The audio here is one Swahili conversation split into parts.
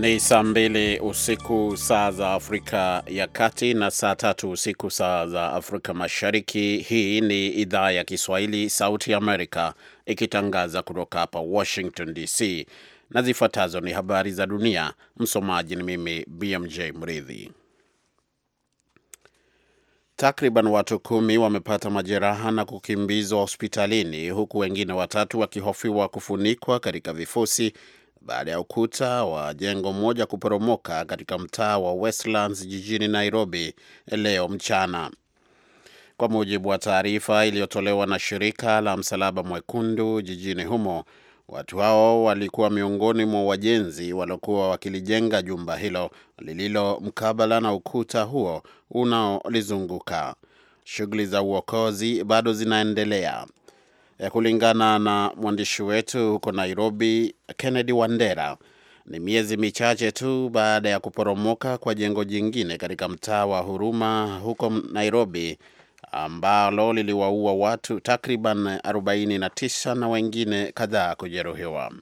Ni saa mbili usiku saa za Afrika ya Kati na saa tatu usiku saa za Afrika Mashariki. Hii ni idhaa ya Kiswahili Sauti Amerika ikitangaza kutoka hapa Washington DC, na zifuatazo ni habari za dunia. Msomaji ni mimi BMJ Mridhi. Takriban watu kumi wamepata majeraha na kukimbizwa hospitalini huku wengine watatu wakihofiwa kufunikwa katika vifusi baada ya ukuta wa jengo moja kuporomoka katika mtaa wa Westlands jijini Nairobi leo mchana. Kwa mujibu wa taarifa iliyotolewa na shirika la Msalaba Mwekundu jijini humo, watu hao walikuwa miongoni mwa wajenzi waliokuwa wakilijenga jumba hilo lililo mkabala na ukuta huo unaolizunguka. Shughuli za uokozi bado zinaendelea. Eh, kulingana na mwandishi wetu huko Nairobi, Kennedy Wandera. Ni miezi michache tu baada ya kuporomoka kwa jengo jingine katika mtaa wa Huruma huko Nairobi, ambalo liliwaua watu takriban 49 na wengine kadhaa kujeruhiwa.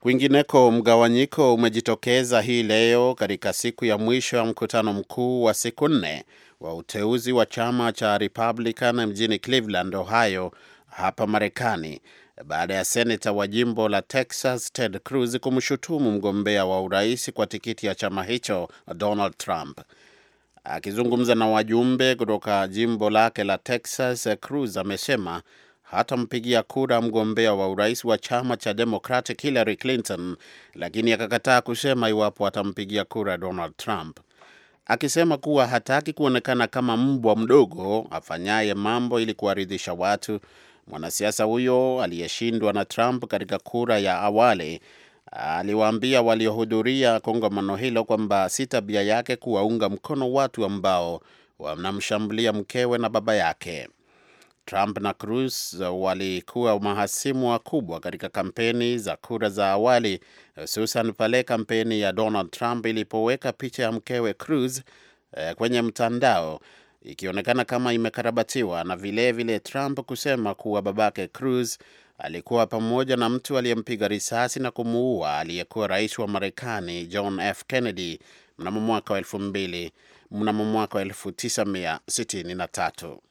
Kwingineko, mgawanyiko umejitokeza hii leo katika siku ya mwisho ya mkutano mkuu wa siku nne wa uteuzi wa chama cha Republican mjini Cleveland, Ohio hapa Marekani baada ya seneta wa jimbo la Texas Ted Cruz kumshutumu mgombea wa urais kwa tikiti ya chama hicho Donald Trump. Akizungumza na wajumbe kutoka jimbo lake la Texas, Cruz amesema hatampigia kura mgombea wa urais wa chama cha Democratic Hillary Clinton, lakini akakataa kusema iwapo atampigia kura Donald Trump akisema kuwa hataki kuonekana kama mbwa mdogo afanyaye mambo ili kuwaridhisha watu. Mwanasiasa huyo aliyeshindwa na Trump katika kura ya awali aliwaambia waliohudhuria kongamano hilo kwamba si tabia yake kuwaunga mkono watu ambao wanamshambulia mkewe na baba yake. Trump na Cruz walikuwa mahasimu wakubwa katika kampeni za kura za awali, hususan pale kampeni ya Donald Trump ilipoweka picha ya mkewe Cruz eh, kwenye mtandao ikionekana kama imekarabatiwa, na vilevile vile Trump kusema kuwa babake Cruz alikuwa pamoja na mtu aliyempiga risasi na kumuua aliyekuwa rais wa Marekani John F. Kennedy mnamo mwaka wa elfu mbili mnamo mwaka wa elfu tisa mia sitini na tatu.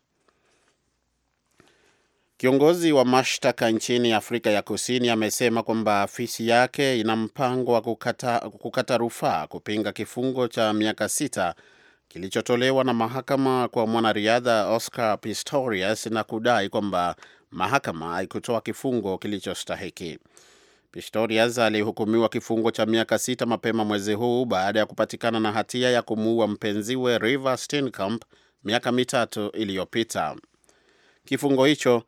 Kiongozi wa mashtaka nchini Afrika ya Kusini amesema kwamba afisi yake ina mpango wa kukata, kukata rufaa kupinga kifungo cha miaka sita kilichotolewa na mahakama kwa mwanariadha Oscar Pistorius na kudai kwamba mahakama haikutoa kifungo kilichostahiki. Pistorius alihukumiwa kifungo cha miaka sita mapema mwezi huu baada ya kupatikana na hatia ya kumuua mpenziwe river Steenkamp miaka mitatu iliyopita. Kifungo hicho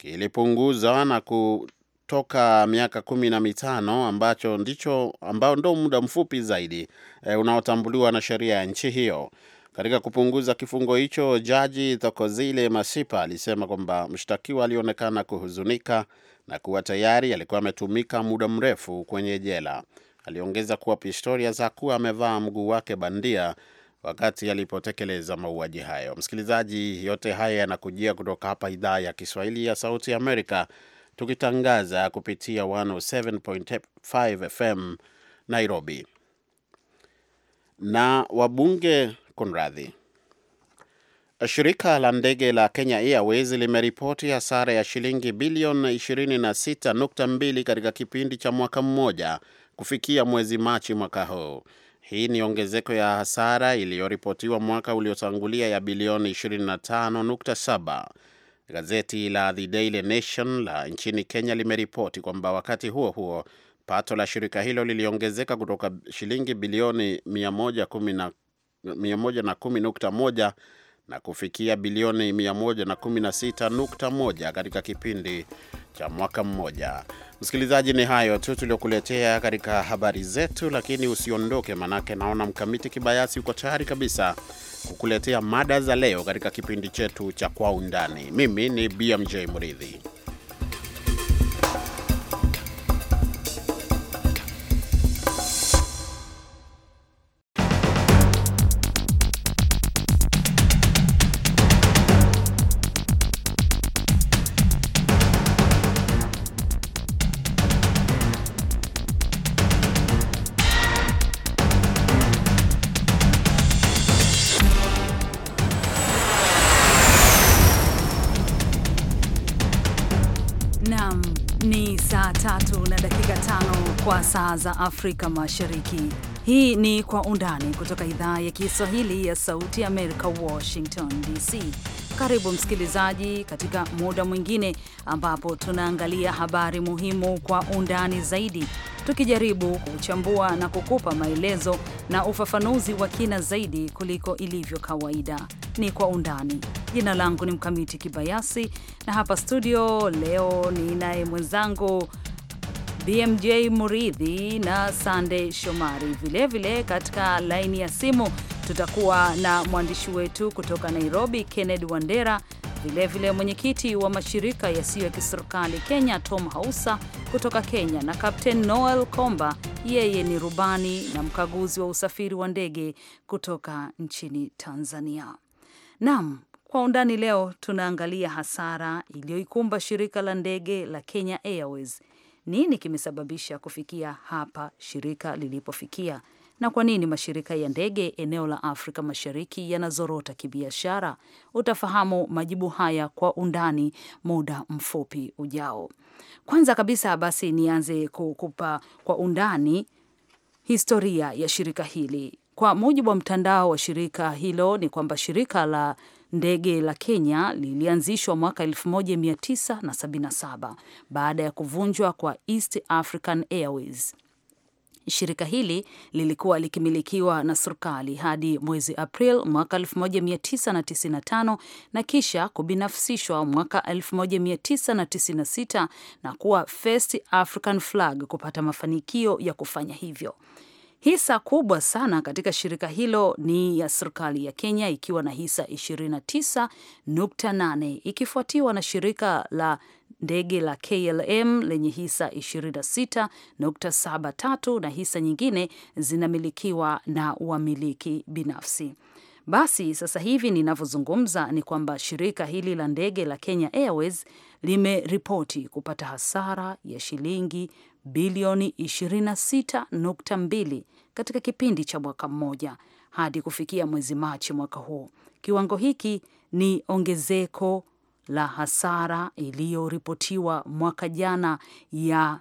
kilipunguza na kutoka miaka kumi na mitano ambacho ndicho ambao ndo muda mfupi zaidi e, unaotambuliwa na sheria ya nchi hiyo. Katika kupunguza kifungo hicho, jaji Thokozile Masipa alisema kwamba mshtakiwa alionekana kuhuzunika na kuwa tayari alikuwa ametumika muda mrefu kwenye jela. Aliongeza kuwa Pistorius hakuwa amevaa mguu wake bandia wakati alipotekeleza mauaji hayo. Msikilizaji, yote haya yanakujia kutoka hapa idhaa ya Kiswahili ya Sauti Amerika, tukitangaza kupitia 107.5 FM Nairobi. Na wabunge kunradhi, shirika la ndege la Kenya Airways limeripoti hasara ya shilingi bilioni 26.2 katika kipindi cha mwaka mmoja kufikia mwezi Machi mwaka huu. Hii ni ongezeko ya hasara iliyoripotiwa mwaka uliotangulia ya bilioni 25.7. Gazeti la The Daily Nation la nchini Kenya limeripoti kwamba wakati huo huo pato la shirika hilo liliongezeka kutoka shilingi bilioni 110.1 na kufikia bilioni 116.1 katika kipindi cha mwaka mmoja. Msikilizaji, ni hayo tu tuliokuletea katika habari zetu, lakini usiondoke, manake naona Mkamiti Kibayasi uko tayari kabisa kukuletea mada za leo katika kipindi chetu cha Kwa Undani. Mimi ni BMJ Muridhi. za Afrika Mashariki. Hii ni Kwa Undani kutoka idhaa ya Kiswahili ya Sauti ya Amerika, Washington DC. Karibu msikilizaji, katika muda mwingine ambapo tunaangalia habari muhimu kwa undani zaidi, tukijaribu kuchambua na kukupa maelezo na ufafanuzi wa kina zaidi kuliko ilivyo kawaida. Ni Kwa Undani. Jina langu ni Mkamiti Kibayasi, na hapa studio leo ni naye mwenzangu BMJ Muridhi na sandey Shomari. Vilevile vile katika laini ya simu tutakuwa na mwandishi wetu kutoka Nairobi, Kennedy Wandera, vilevile mwenyekiti wa mashirika yasiyo ya kiserikali Kenya, Tom Hausa kutoka Kenya, na Captain Noel Komba, yeye ni rubani na mkaguzi wa usafiri wa ndege kutoka nchini Tanzania. Naam. Kwa undani leo tunaangalia hasara iliyoikumba shirika la ndege la Kenya Airways nini kimesababisha kufikia hapa shirika lilipofikia na kwa nini mashirika ya ndege eneo la Afrika Mashariki yanazorota kibiashara. Utafahamu majibu haya kwa undani muda mfupi ujao. Kwanza kabisa basi nianze kukupa kwa undani historia ya shirika hili. Kwa mujibu wa mtandao wa shirika hilo ni kwamba shirika la Ndege la Kenya lilianzishwa mwaka 1977 baada ya kuvunjwa kwa East African Airways. Shirika hili lilikuwa likimilikiwa na serikali hadi mwezi April mwaka 1995 na kisha kubinafsishwa mwaka 1996 na kuwa First African Flag kupata mafanikio ya kufanya hivyo. Hisa kubwa sana katika shirika hilo ni ya serikali ya Kenya ikiwa na hisa 29.8 ikifuatiwa na shirika la ndege la KLM lenye hisa 26.73 na hisa nyingine zinamilikiwa na wamiliki binafsi. Basi sasa hivi ninavyozungumza ni kwamba shirika hili la ndege la Kenya Airways limeripoti kupata hasara ya shilingi bilioni 26.2 katika kipindi cha mwaka mmoja hadi kufikia mwezi Machi mwaka huu. Kiwango hiki ni ongezeko la hasara iliyoripotiwa mwaka jana ya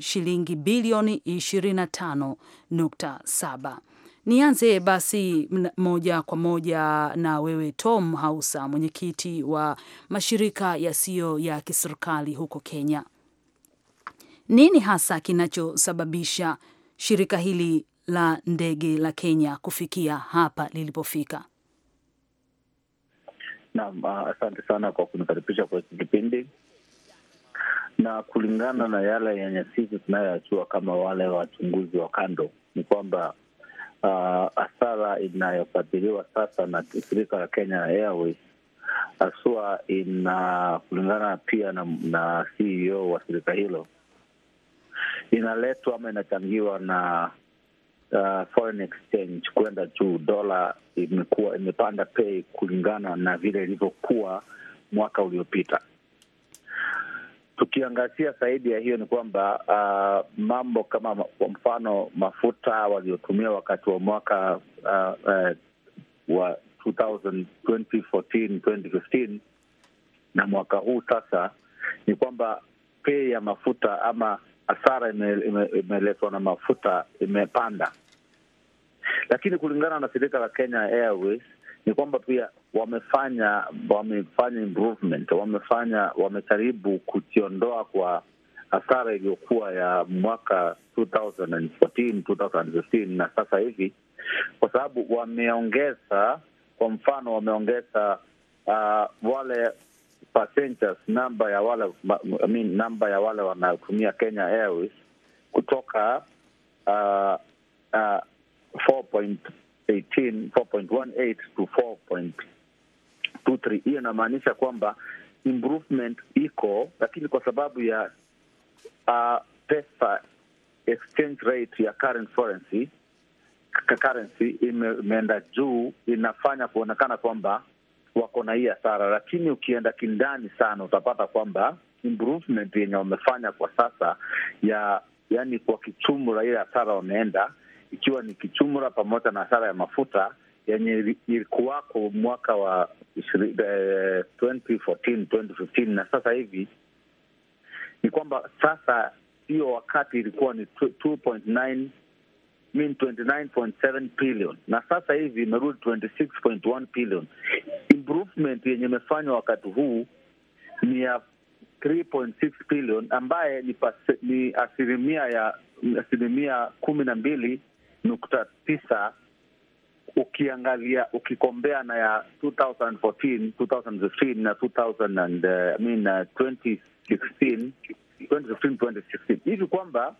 shilingi bilioni 25.7. Nianze basi moja kwa moja na wewe Tom Hausa, mwenyekiti wa mashirika yasiyo ya kiserikali huko Kenya. Nini hasa kinachosababisha shirika hili la ndege la Kenya kufikia hapa lilipofika? Naam, ah, asante sana kwa kunikaribisha kwa kipindi na kulingana na yale yenye sisi tunayoyajua kama wale wachunguzi wa kando ni kwamba uh, ah, asara inayofadhiliwa sasa na shirika la Kenya Airways haswa ina kulingana pia na, na CEO wa shirika hilo inaletwa ama inachangiwa na uh, foreign exchange kwenda juu. Dola imekuwa imepanda pei kulingana na vile ilivyokuwa mwaka uliopita. Tukiangazia zaidi ya hiyo ni kwamba uh, mambo kama kwa mfano mafuta waliotumia wakati wa mwaka uh, uh, wa 2014, 2015 na mwaka huu sasa, ni kwamba pei ya mafuta ama hasara imeletwa na mafuta imepanda, lakini kulingana na shirika la Kenya Airways ni kwamba pia wamefanya wamefanya improvement, wamefanya wamejaribu kujiondoa kwa hasara iliyokuwa ya mwaka 2014 2015 na sasa hivi, kwa sababu wameongeza, kwa mfano wameongeza uh, wale passengers namba ya wale I mean, namba ya wale wanaotumia Kenya Airways kutoka uh, uh, 4.18, 4.18 to 4.23. Hiyo inamaanisha kwamba improvement iko, lakini kwa sababu ya uh, pesa exchange rate ya current currency, currency imeenda juu, inafanya kuonekana kwamba wako na hii hasara, lakini ukienda kindani sana utapata kwamba improvement yenye wamefanya kwa sasa ya yani kwa kichumura, ile hasara wameenda ikiwa ni kichumura pamoja na hasara ya mafuta yenye ilikuwako mwaka wa 2014 2015 eh, na sasa hivi ni kwamba sasa hiyo wakati ilikuwa ni 2.9 mean 29.7 billion na sasa hivi imerudi 26.1 billion. Improvement yenye imefanywa wakati huu ni ya 3.6 billion ambaye ni, pase, ni asilimia ya asilimia kumi na mbili nukta tisa ukiangalia ukikombea na ya 2014 2015 na 2000 and, uh, I mean, uh, 2016 2015 2016 hivi kwamba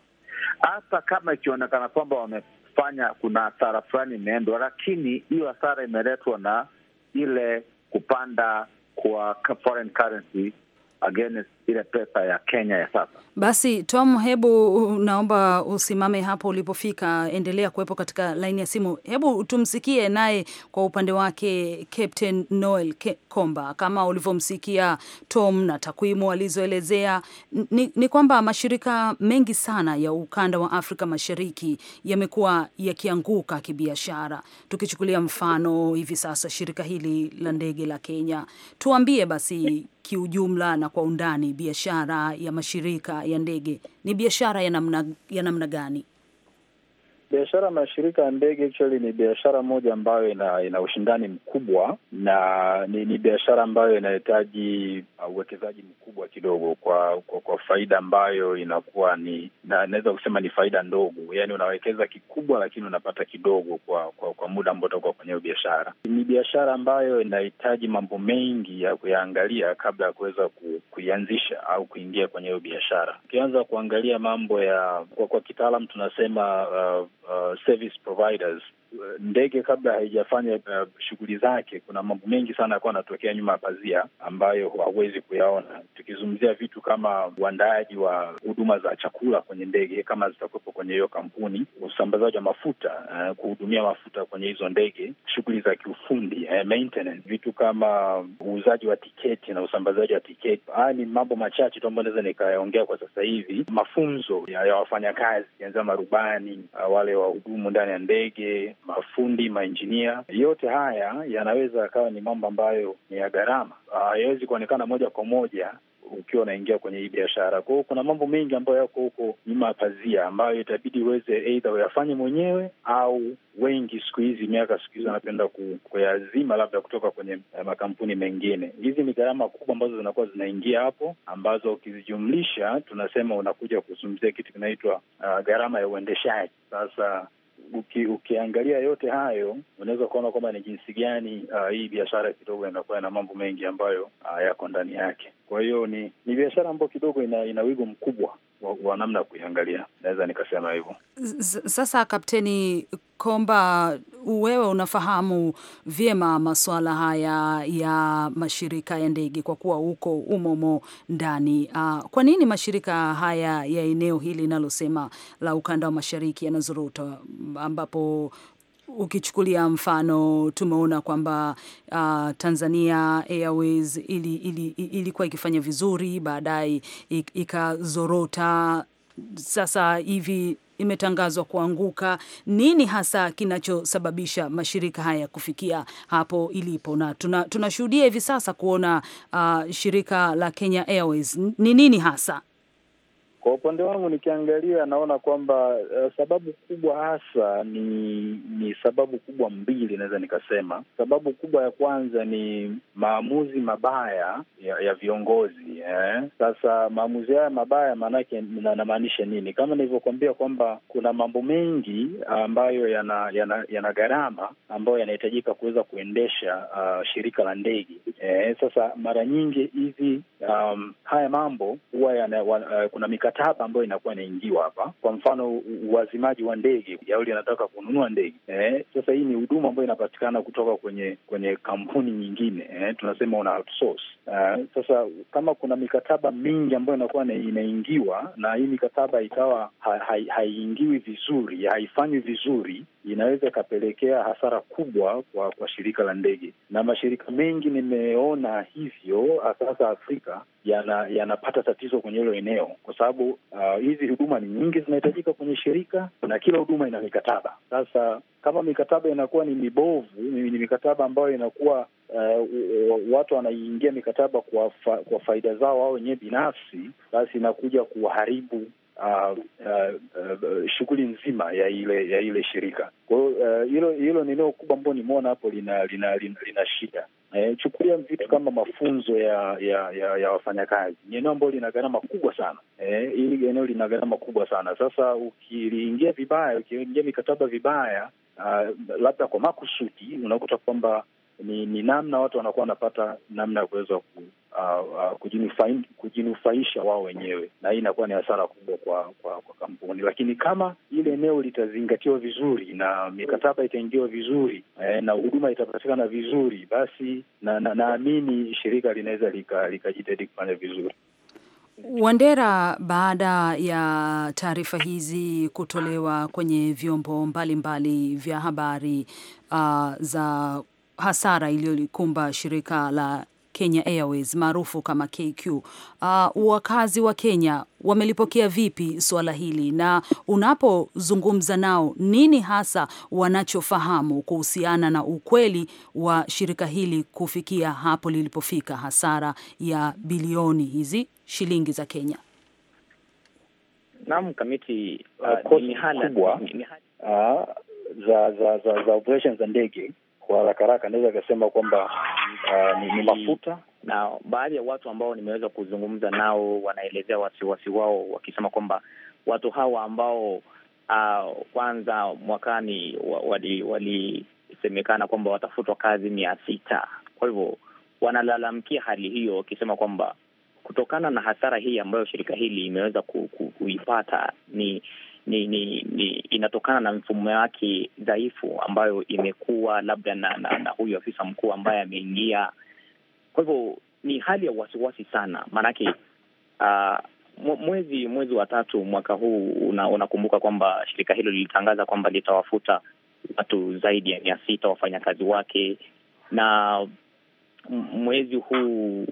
hata kama ikionekana kwamba wamefanya kuna hasara fulani imeendwa, lakini hiyo hasara imeletwa na ile kupanda kwa foreign currency against ile pesa ya Kenya ya sasa. Basi Tom, hebu naomba usimame hapo ulipofika, endelea kuwepo katika laini ya simu. Hebu tumsikie naye kwa upande wake Captain Noel Komba, kama ulivyomsikia Tom na takwimu alizoelezea ni, ni kwamba mashirika mengi sana ya ukanda wa Afrika Mashariki yamekuwa yakianguka kibiashara, tukichukulia mfano hivi sasa shirika hili la ndege la Kenya. Tuambie basi kiujumla na kwa undani biashara ya mashirika ya ndege ni biashara ya namna, ya namna gani? Biashara ya mashirika ya ndege actually ni biashara moja ambayo ina, ina ushindani mkubwa na ni, ni biashara ambayo inahitaji uh, uwekezaji mkubwa kidogo kwa, kwa kwa faida ambayo inakuwa ni naweza kusema ni faida ndogo, yaani unawekeza kikubwa lakini unapata kidogo kwa kwa, kwa muda ambao utakuwa kwenye hiyo biashara. Ni biashara ambayo inahitaji mambo mengi ya kuyaangalia kabla ya kuweza ku, kuianzisha au kuingia kwenye hiyo biashara. Ukianza kuangalia mambo ya kwa, kwa kitaalam tunasema uh, Uh, service providers ndege kabla haijafanya uh, shughuli zake, kuna mambo mengi sana yakuwa anatokea nyuma ya pazia ambayo hawezi kuyaona. Tukizungumzia vitu kama uandaaji wa huduma za chakula kwenye ndege kama zitakuwepo kwenye hiyo kampuni, usambazaji wa mafuta, uh, kuhudumia mafuta kwenye hizo ndege, shughuli za kiufundi, uh, maintenance, vitu kama uuzaji wa tiketi na usambazaji wa tiketi. Haya ni mambo machache tu ambayo naweza nikayaongea kwa sasa hivi. Mafunzo ya, ya wafanyakazi kianzia marubani, uh, wale wahudumu ndani ya ndege mafundi, mainjinia. Yote haya yanaweza yakawa ni mambo ambayo ni ya gharama, hayawezi kuonekana moja kwa moja ukiwa unaingia kwenye hii biashara. Kwa hiyo kuna mambo mengi ambayo yako huko nyuma ya pazia ambayo itabidi uweze eidha uyafanye mwenyewe au wengi siku hizi, miaka siku hizi wanapenda kuyazima labda kutoka kwenye eh, makampuni mengine. Hizi ni gharama kubwa ambazo zinakuwa zinaingia hapo, ambazo ukizijumlisha tunasema unakuja kuzungumzia kitu kinaitwa uh, gharama ya uendeshaji. Sasa uki, ukiangalia yote hayo unaweza ukaona kwamba ni jinsi gani uh, hii biashara kidogo inakuwa na mambo mengi ambayo uh, yako ndani yake. Kwa hiyo ni ni biashara ambayo kidogo ina, ina wigo mkubwa wa, wa namna ya kuiangalia, naweza nikasema hivyo. Sasa Kapteni Komba, wewe unafahamu vyema masuala haya ya mashirika ya ndege kwa kuwa uko umomo ndani. Uh, kwa nini mashirika haya ya eneo hili linalosema la ukanda wa mashariki yanazorota, ambapo ukichukulia mfano tumeona kwamba uh, Tanzania Airways ili, ili, ilikuwa ikifanya vizuri, baadaye ikazorota, sasa hivi imetangazwa kuanguka. Nini hasa kinachosababisha mashirika haya kufikia hapo ilipo? Na tunashuhudia tuna hivi sasa kuona uh, shirika la Kenya Airways ni nini hasa kwa upande wangu nikiangalia, naona kwamba uh, sababu kubwa hasa ni ni sababu kubwa mbili, naweza nikasema. Sababu kubwa ya kwanza ni maamuzi mabaya ya, ya viongozi eh. Sasa maamuzi haya mabaya maanake namaanisha nini? Kama nilivyokuambia kwamba kuna mambo mengi ambayo yana yana, yana gharama ambayo yanahitajika kuweza kuendesha uh, shirika la ndege eh. Sasa mara nyingi hivi um, haya mambo huwa yana, uh, kuna mikata mikataba ambayo inakuwa inaingiwa hapa, kwa mfano uwazimaji wa ndege, Yauli anataka kununua ndege eh. Sasa hii ni huduma ambayo inapatikana kutoka kwenye kwenye kampuni nyingine eh, tunasema una outsource Eh, sasa kama kuna mikataba mingi ambayo inakuwa inaingiwa na hii mikataba ikawa haiingiwi hai, hai vizuri haifanywi vizuri, inaweza ikapelekea hasara kubwa kwa kwa shirika la ndege, na mashirika mengi nimeona hivyo sasa Afrika yanapata yana tatizo kwenye hilo eneo, kwa sababu uh, hizi huduma ni nyingi zinahitajika kwenye shirika na kila huduma ina mikataba. Sasa kama mikataba inakuwa ni mibovu, ni mikataba ambayo inakuwa uh, watu wanaingia mikataba kwa, fa, kwa faida zao au wenyewe binafsi, basi inakuja kuharibu Uh, uh, uh, shughuli nzima ya ile ya ile shirika. Kwa hiyo uh, hilo ni eneo kubwa ambao nimeona hapo lina lina, lina, lina shida eh, chukulia vitu kama mafunzo ya ya ya, ya wafanyakazi ni eneo ambalo lina gharama kubwa sana eh, hili eneo lina gharama kubwa sana. Sasa ukiliingia vibaya, ukiingia mikataba vibaya, uh, labda kwa makusudi unakuta kwamba ni, ni namna watu wanakuwa wanapata namna ya kuweza ku, uh, uh, kujinufaisha wao wenyewe, na hii inakuwa ni hasara kubwa kwa, kwa kwa kampuni. Lakini kama ile eneo litazingatiwa vizuri na mikataba itaingiwa vizuri eh, na huduma itapatikana vizuri, basi naamini na, na shirika linaweza likajitahidi lika kufanya vizuri. Wandera, baada ya taarifa hizi kutolewa kwenye vyombo mbalimbali mbali vya habari uh, za hasara iliyolikumba shirika la Kenya Airways maarufu kama KQ. Uh, ah, wakazi wa Kenya wamelipokea vipi suala hili, na unapozungumza nao, nini hasa wanachofahamu kuhusiana na ukweli wa shirika hili kufikia hapo lilipofika, hasara ya bilioni hizi shilingi za Kenya? Naam, kamiti uh, uh, uh za za za, za operations za ndege kwa haraka haraka naweza kasema kwamba uh, ni, ni mafuta na baadhi ya watu ambao nimeweza kuzungumza nao wanaelezea wasiwasi wao wakisema kwamba watu hawa ambao uh, kwanza mwakani walisemekana wali kwamba watafutwa kazi mia sita. Kwa hivyo wanalalamikia hali hiyo wakisema kwamba kutokana na hasara hii ambayo shirika hili imeweza ku, ku, kuipata ni ni, ni, ni inatokana na mfumo wake dhaifu ambayo imekuwa labda na, na, na huyu afisa mkuu ambaye ameingia. Kwa hivyo ni hali ya wasiwasi sana, maanake uh, mwezi mwezi wa tatu mwaka huu unakumbuka, una kwamba shirika hilo lilitangaza kwamba litawafuta watu zaidi ya mia sita wafanyakazi wake na mwezi huu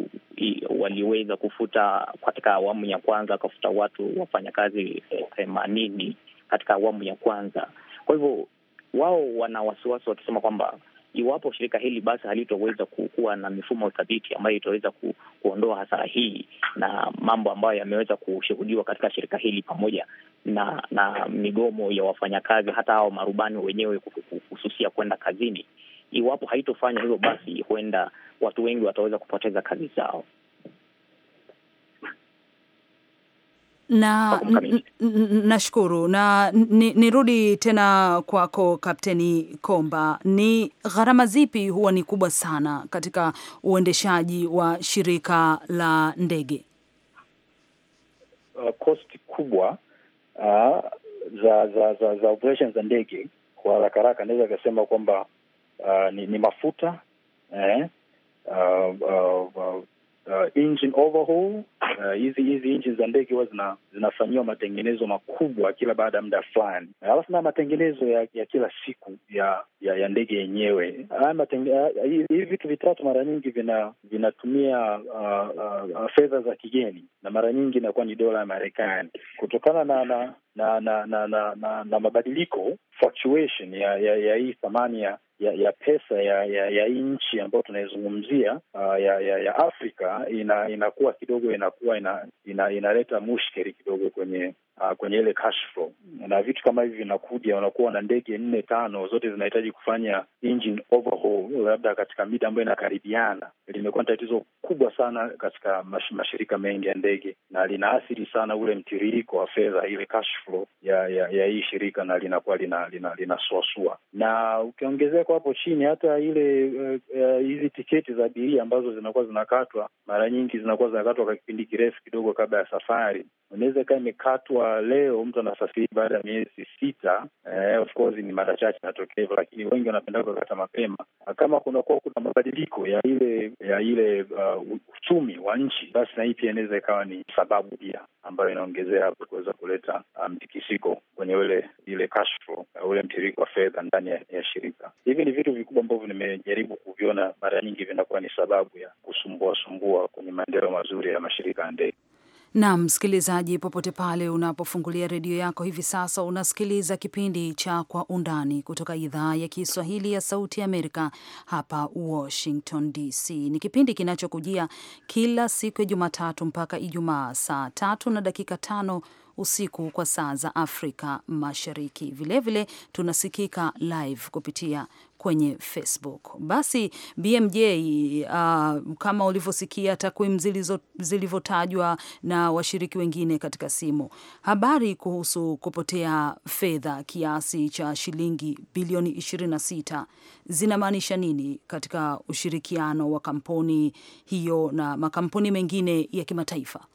waliweza kufuta katika awamu ya kwanza, wakafuta watu wafanyakazi eh, themanini katika awamu ya kwanza. Kwa hivyo wao wana wasiwasi wakisema kwamba iwapo shirika hili basi halitoweza kuwa na mifumo thabiti ambayo itaweza ku, kuondoa hasara hii na mambo ambayo yameweza kushuhudiwa katika shirika hili pamoja na na migomo ya wafanyakazi, hata hao marubani wenyewe kususia kwenda kazini, Iwapo haitofanya hivyo, basi huenda watu wengi wataweza kupoteza kazi zao. na nashukuru na, na nirudi ni tena kwako Kapteni Komba, ni gharama zipi huwa ni kubwa sana katika uendeshaji wa shirika la ndege? Uh, kubwa uh, za za za, za operations za ndege, kwa haraka haraka naweza akasema kwamba Uh, ni, ni mafuta eh, uh, uh, uh, uh, engine overhaul hizi uh, hizi nchi za ndege huwa zina, zinafanyiwa matengenezo makubwa kila baada ya muda fulani, alafu na matengenezo ya, ya kila siku ya ya, ya ndege yenyewe. Hivi vitu vitatu mara nyingi vina vinatumia uh, uh, uh, fedha za kigeni na mara nyingi inakuwa ni dola ya Marekani kutokana na na na na, na, na, na, na mabadiliko fluctuation ya ya hii thamani ya ya ya pesa ya ya, ya nchi ambayo tunaizungumzia uh, ya, ya ya Afrika ina- inakuwa kidogo inakuwa ina- inaleta ina mushkeli kidogo kwenye uh, kwenye ile cash flow. Na vitu kama hivi vinakuja, wanakuwa na ndege nne tano, zote zinahitaji kufanya engine overhaul, labda katika mida ambayo inakaribiana. Limekuwa ni tatizo kubwa sana katika mash, mashirika mengi ya ndege, na linaathiri sana ule mtiririko wa fedha, ile cash flow ya, ya, ya hii shirika, na linakuwa linasuasua lina, lina na ukiongezeka hapo chini hata ile eh, eh, hizi uh, uh, tiketi za abiria ambazo zinakuwa zinakatwa mara nyingi zinakuwa zinakatwa kwa kipindi kirefu kidogo kabla ya safari, inaweza ikawa imekatwa kwa leo mtu anasafiri baada ya miezi sita. Eh, of course ni mara chache inatokea hivyo, lakini wengi wanapenda kukata mapema. Kama kunakuwa kuna mabadiliko ya ile ya ile uh, uchumi wa nchi, basi na hii pia inaweza ikawa ni sababu pia ambayo inaongezea hapo kuweza kuleta uh, mtikisiko um, kwenye ule ile cash flow, uh, ule mtiririko wa fedha ndani ya, ya shirika. Hivi ni vitu vikubwa ambavyo nimejaribu kuviona, mara nyingi vinakuwa ni sababu ya kusumbuasumbua kwenye maendeleo mazuri ya mashirika ya ndege. Na msikilizaji, popote pale unapofungulia redio yako hivi sasa, unasikiliza kipindi cha Kwa Undani kutoka idhaa ya Kiswahili ya Sauti Amerika hapa Washington DC. Ni kipindi kinachokujia kila siku ya Jumatatu mpaka Ijumaa saa tatu na dakika tano usiku kwa saa za Afrika Mashariki. Vilevile vile, tunasikika live kupitia kwenye Facebook. Basi BMJ, uh, kama ulivyosikia takwimu zilivyotajwa na washiriki wengine katika simu, habari kuhusu kupotea fedha kiasi cha shilingi bilioni 26 zinamaanisha nini katika ushirikiano wa kampuni hiyo na makampuni mengine ya kimataifa?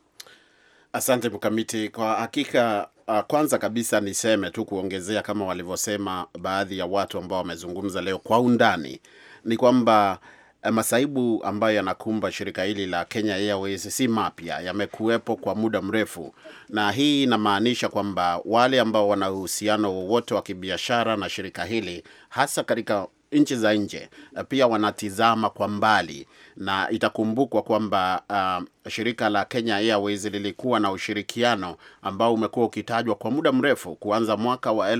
Asante Mkamiti. Kwa hakika, ah, kwanza kabisa niseme tu kuongezea kama walivyosema baadhi ya watu ambao wamezungumza leo kwa undani ni kwamba eh, masaibu ambayo yanakumba shirika hili la Kenya Airways si mapya, yamekuwepo kwa muda mrefu, na hii inamaanisha kwamba wale ambao wana uhusiano wowote wa kibiashara na shirika hili hasa katika nchi za nje eh, pia wanatizama kwa mbali na itakumbukwa kwamba uh, shirika la Kenya Airways lilikuwa na ushirikiano ambao umekuwa ukitajwa kwa muda mrefu kuanza mwaka wa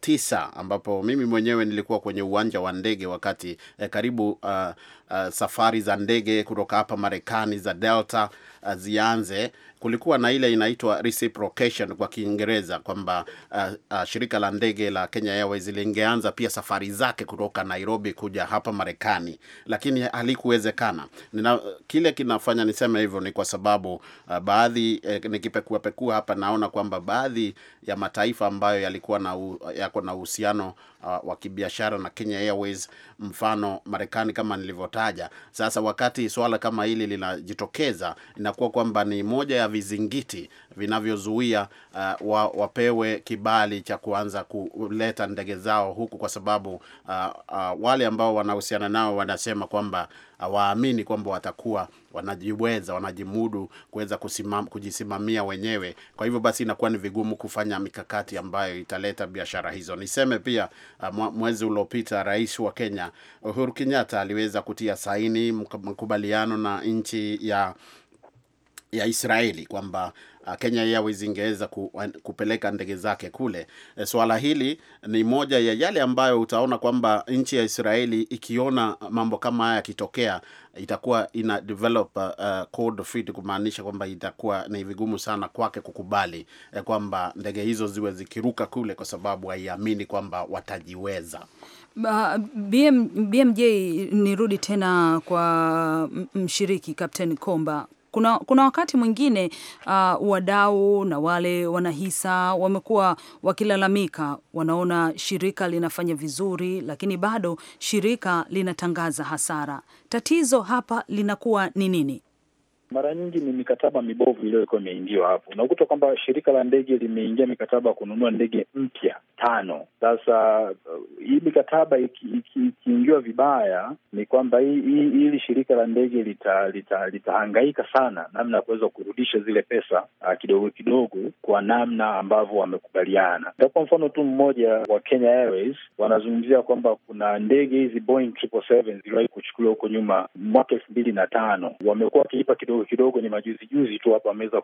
tisa ambapo mimi mwenyewe nilikuwa kwenye uwanja wa ndege wakati eh, karibu uh, uh, safari za ndege kutoka hapa Marekani za Delta uh, zianze. Kulikuwa na ile inaitwa reciprocation kwa Kiingereza kwamba uh, uh, shirika la ndege la Kenya Airways lingeanza pia safari zake kutoka Nairobi kuja hapa Marekani lakini halikuwezekana. Nina, kile kinafanya niseme hivyo ni kwa sababu uh, baadhi eh, nikipekuapekua hapa naona kwamba baadhi ya mataifa ambayo yalikuwa na u, yako na uhusiano uh, wa kibiashara na Kenya Airways, mfano Marekani kama nilivyotaja. Sasa wakati swala kama hili linajitokeza, inakuwa kwamba ni moja ya vizingiti vinavyozuia uh, wa, wapewe kibali cha kuanza kuleta ndege zao huku, kwa sababu uh, uh, wale ambao wanahusiana nao wanasema kwamba hawaamini uh, kwamba watakuwa wanajiweza wanajimudu kuweza kusimam, kujisimamia wenyewe. Kwa hivyo basi inakuwa ni vigumu kufanya mikakati ambayo italeta biashara hizo. Niseme pia uh, mwezi uliopita rais wa Kenya Uhuru Kenyatta aliweza kutia saini mkubaliano na nchi ya ya Israeli kwamba uh, Kenya Airways ingeweza kupeleka ndege zake kule. Eh, swala hili ni moja ya yale ambayo utaona kwamba nchi ya Israeli ikiona mambo kama haya yakitokea itakuwa ina develop uh, code of kumaanisha kwamba itakuwa ni vigumu sana kwake kukubali eh, kwamba ndege hizo ziwe zikiruka kule kwa sababu haiamini kwamba watajiweza. BM, BMJ nirudi tena kwa mshiriki Captain Komba kuna, kuna wakati mwingine uh, wadau na wale wanahisa wamekuwa wakilalamika, wanaona shirika linafanya vizuri, lakini bado shirika linatangaza hasara. Tatizo hapa linakuwa ni nini? Mara nyingi ni mikataba mibovu iliyokuwa imeingiwa hapo. Unakuta kwamba shirika la ndege limeingia mikataba ya kununua ndege mpya tano. Sasa hii mikataba ikiingiwa iki, iki vibaya, ni kwamba hili shirika la ndege litahangaika lita, lita sana namna ya kuweza kurudisha zile pesa a, ah, kidogo kidogo kwa namna ambavyo wamekubaliana. Kwa mfano tu mmoja wa Kenya Airways wanazungumzia kwamba kuna ndege hizi Boeing ziliwahi kuchukuliwa huko nyuma mwaka elfu mbili na tano, wamekuwa wakilipa kidogo kidogo, ni majuzi juzi tu hapa wameweza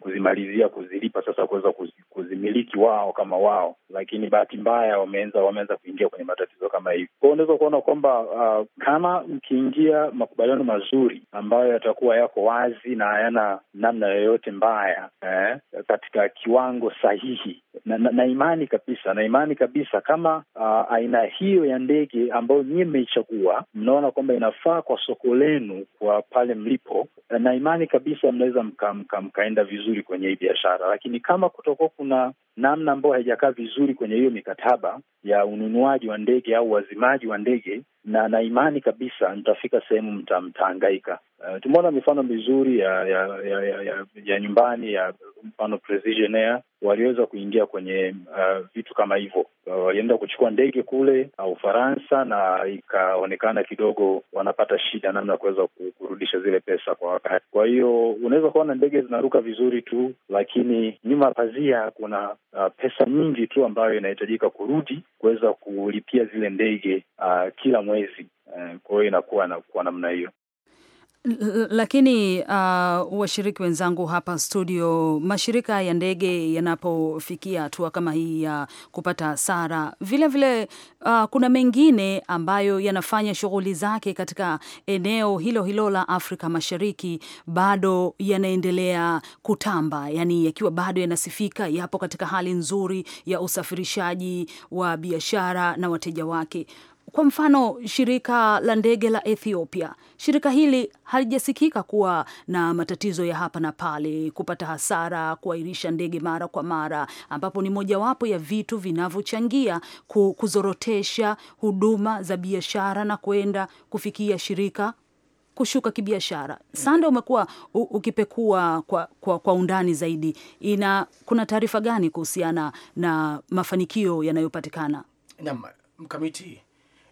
kuzimalizia kuzi, kuzi, kuzilipa sasa kuweza kuzimiliki kuzi wao kama wao lakini bahati mbaya wameanza wameanza kuingia kwenye matatizo kama hivi. Kwa hiyo unaweza kuona kwamba uh, kama mkiingia makubaliano mazuri ambayo yatakuwa yako wazi na hayana namna yoyote mbaya eh, katika kiwango sahihi na, na, na imani kabisa na imani kabisa kama uh, aina hiyo ya ndege ambayo nyie mmeichagua mnaona kwamba inafaa kwa soko lenu kwa pale mlipo, na imani kabisa mnaweza mkaenda mka, mka vizuri kwenye hii biashara, lakini kama kutakuwa kuna namna ambayo haijakaa vizuri vizuri kwenye hiyo mikataba ya ununuaji wa ndege au wazimaji wa ndege na na imani kabisa nitafika sehemu mtahangaika. Uh, tumeona mifano mizuri ya ya ya, ya, ya, ya nyumbani ya mfano Precision Air waliweza kuingia kwenye uh, vitu kama hivyo. Uh, walienda kuchukua ndege kule Ufaransa na ikaonekana kidogo wanapata shida namna ya kuweza kurudisha zile pesa kwa wakati. Kwa hiyo unaweza kuona ndege zinaruka vizuri tu, lakini nyuma ya pazia kuna uh, pesa nyingi tu ambayo inahitajika kurudi kuweza kulipia zile ndege uh, kila mwezi mwezi. Eh, kwa hiyo inakuwa na kwa namna hiyo. Lakini uh, washiriki wenzangu hapa studio, mashirika ya ndege yanapofikia hatua kama hii ya kupata hasara, vilevile uh, kuna mengine ambayo yanafanya shughuli zake katika eneo hilo hilo la Afrika Mashariki bado yanaendelea kutamba, yani yakiwa bado yanasifika, yapo katika hali nzuri ya usafirishaji wa biashara na wateja wake. Kwa mfano shirika la ndege la Ethiopia, shirika hili halijasikika kuwa na matatizo ya hapa na pale, kupata hasara, kuahirisha ndege mara kwa mara, ambapo ni mojawapo ya vitu vinavyochangia kuzorotesha huduma za biashara na kwenda kufikia shirika kushuka kibiashara. Sanda, umekuwa ukipekua kwa, kwa, kwa undani zaidi, ina kuna taarifa gani kuhusiana na mafanikio yanayopatikana? Naam, mkamiti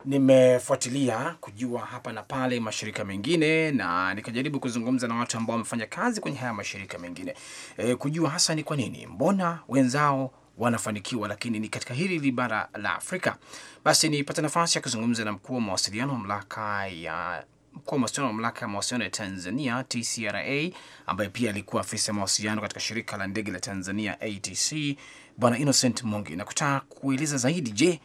nimefuatilia kujua hapa na pale mashirika mengine, na nikajaribu kuzungumza na watu ambao wamefanya kazi kwenye haya mashirika mengine e, kujua hasa ni kwa nini, mbona wenzao wanafanikiwa lakini ni katika hili bara la Afrika. Basi nipata nafasi ya kuzungumza na mkuu wa mawasiliano wa mamlaka ya mkuu wa mawasiliano wa mamlaka ya mawasiliano ya Tanzania TCRA, ambaye pia alikuwa afisa mawasiliano katika shirika la ndege la Tanzania ATC, Bwana Innocent Mongi, nakutaka kueleza zaidi, je,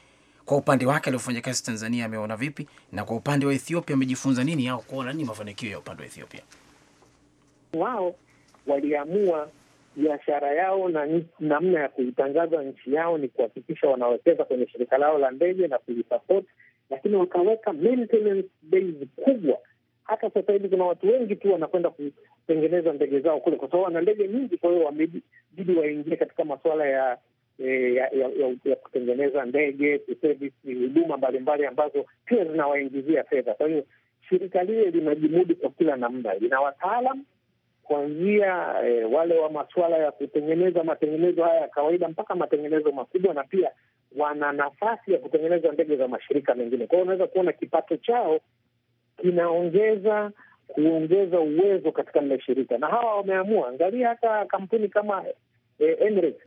kwa upande wake aliofanya kazi Tanzania ameona vipi, na kwa upande wa Ethiopia amejifunza nini au kuona nini mafanikio ya upande wa Ethiopia? Wao waliamua biashara yao na namna ya kuitangaza nchi yao ni kuhakikisha wanawekeza kwenye shirika lao la ndege na kulisapoti, lakini wakaweka maintenance base kubwa. Hata sasa hivi kuna watu wengi tu wanakwenda kutengeneza ndege zao kule, kwa sababu wana ndege nyingi. Kwa hiyo wamebidi waingie katika masuala ya e, ya, ya, ya, ya kutengeneza ndege, kusevisi huduma mbalimbali ambazo pia zinawaingizia fedha. Kwa hiyo shirika lile linajimudu kwa kila namna, lina wataalam kuanzia e, wale wa masuala ya kutengeneza matengenezo haya ya kawaida mpaka matengenezo makubwa, na pia wana nafasi ya kutengeneza ndege za mashirika mengine. Kwa hiyo unaweza kuona kipato chao kinaongeza kuongeza uwezo katika lile shirika, na hawa wameamua. Angalia hata kampuni kama eh, Emirates.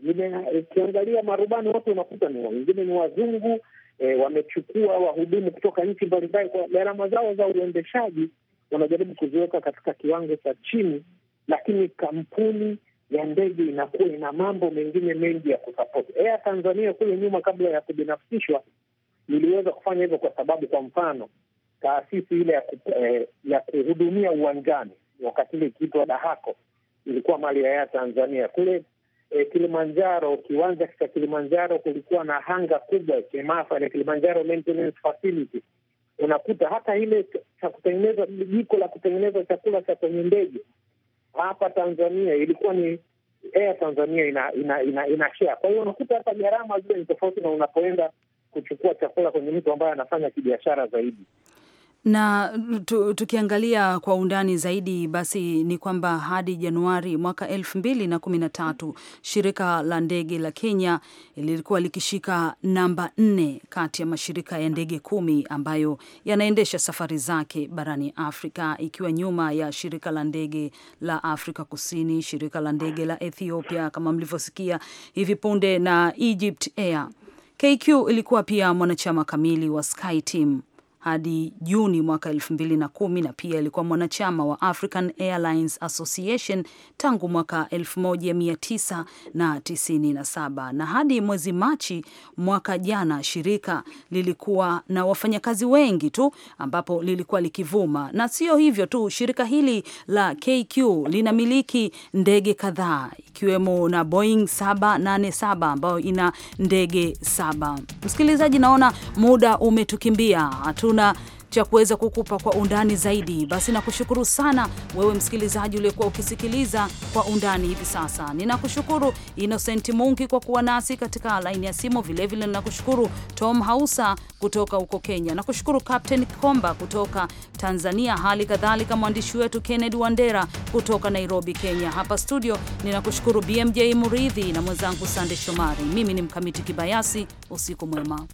Ukiangalia marubani wote unakuta ni wengine ni wazungu eh, wamechukua wahudumu kutoka nchi mbalimbali. Kwa gharama zao za uendeshaji wanajaribu kuziweka katika kiwango cha chini, lakini kampuni ya ndege inakuwa ina mambo mengine mengi ya kusapoti. Air Tanzania kule nyuma, kabla ya kubinafsishwa, iliweza kufanya hivyo kwa sababu, kwa mfano, taasisi ile ya, ku, eh, ya kuhudumia uwanjani wakati ile ikiitwa Dahako ilikuwa mali ya Air Tanzania. Kule e, Kilimanjaro, kiwanja cha Kilimanjaro kulikuwa na hanga kubwa kimafa na Kilimanjaro Maintenance Facility. Unakuta hata ile cha kutengeneza jiko la kutengeneza chakula cha kwenye ndege hapa Tanzania ilikuwa ni Air Tanzania ina ina, ina, ina share. Kwa hiyo unakuta hata gharama zile ni tofauti na unapoenda kuchukua chakula kwenye mtu ambaye anafanya kibiashara zaidi na tu, tukiangalia kwa undani zaidi basi ni kwamba hadi Januari mwaka elfu mbili na kumi na tatu shirika la ndege la Kenya lilikuwa likishika namba nne kati ya mashirika ya ndege kumi ambayo yanaendesha safari zake barani Afrika, ikiwa nyuma ya shirika la ndege la Afrika Kusini, shirika la ndege la Ethiopia kama mlivyosikia hivi punde, na Egypt Air. KQ ilikuwa pia mwanachama kamili wa Sky Team hadi Juni mwaka elfu mbili na kumi na pia alikuwa mwanachama wa African Airlines Association tangu mwaka 1997 na hadi mwezi Machi mwaka jana shirika lilikuwa na wafanyakazi wengi tu, ambapo lilikuwa likivuma. Na sio hivyo tu, shirika hili la KQ linamiliki ndege kadhaa ikiwemo na Boeing 787 ambayo ina ndege saba. Msikilizaji, naona muda umetukimbia hatuna hatuna cha kuweza kukupa kwa undani zaidi. Basi nakushukuru sana wewe msikilizaji uliyekuwa ukisikiliza kwa undani hivi sasa. Ninakushukuru Innocent Mungi kwa kuwa nasi katika laini ya simu, vilevile ninakushukuru Tom Hausa kutoka huko Kenya, nakushukuru Captain Komba kutoka Tanzania, hali kadhalika mwandishi wetu Kennedy Wandera kutoka Nairobi, Kenya. Hapa studio ninakushukuru BMJ Muridhi na mwenzangu Sande Shomari. Mimi ni Mkamiti Kibayasi, usiku mwema.